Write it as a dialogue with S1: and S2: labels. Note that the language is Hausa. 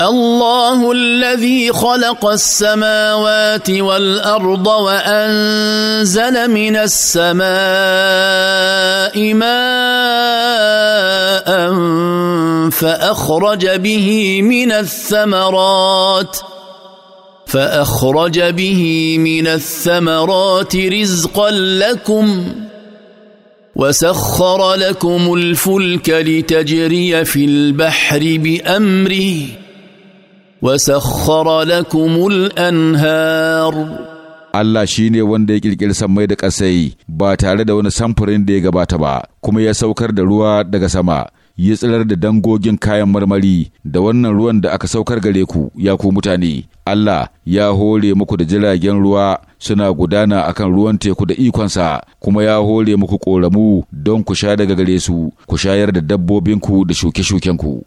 S1: الله الذي خلق السماوات والارض وانزل من السماء ماء فاخرج به من الثمرات فاخرج به من الثمرات رزقا لكم وسخر لكم الفلك لتجري في البحر بامره وسخر لكم الأنهار Allah
S2: shi ne wanda ya ƙirƙiri sammai da ƙasai ba tare da wani samfurin da ya gabata ba, kuma ya saukar da ruwa daga sama, ya tsirar da dangogin kayan marmari da wannan ruwan da aka saukar gare ku, ya ku mutane. Allah ya hore muku da jiragen ruwa suna gudana akan ruwan teku da ikonsa, kuma ya hore muku ƙoramu don ku sha daga gare su, ku shayar da dabbobinku da shuke-shukenku.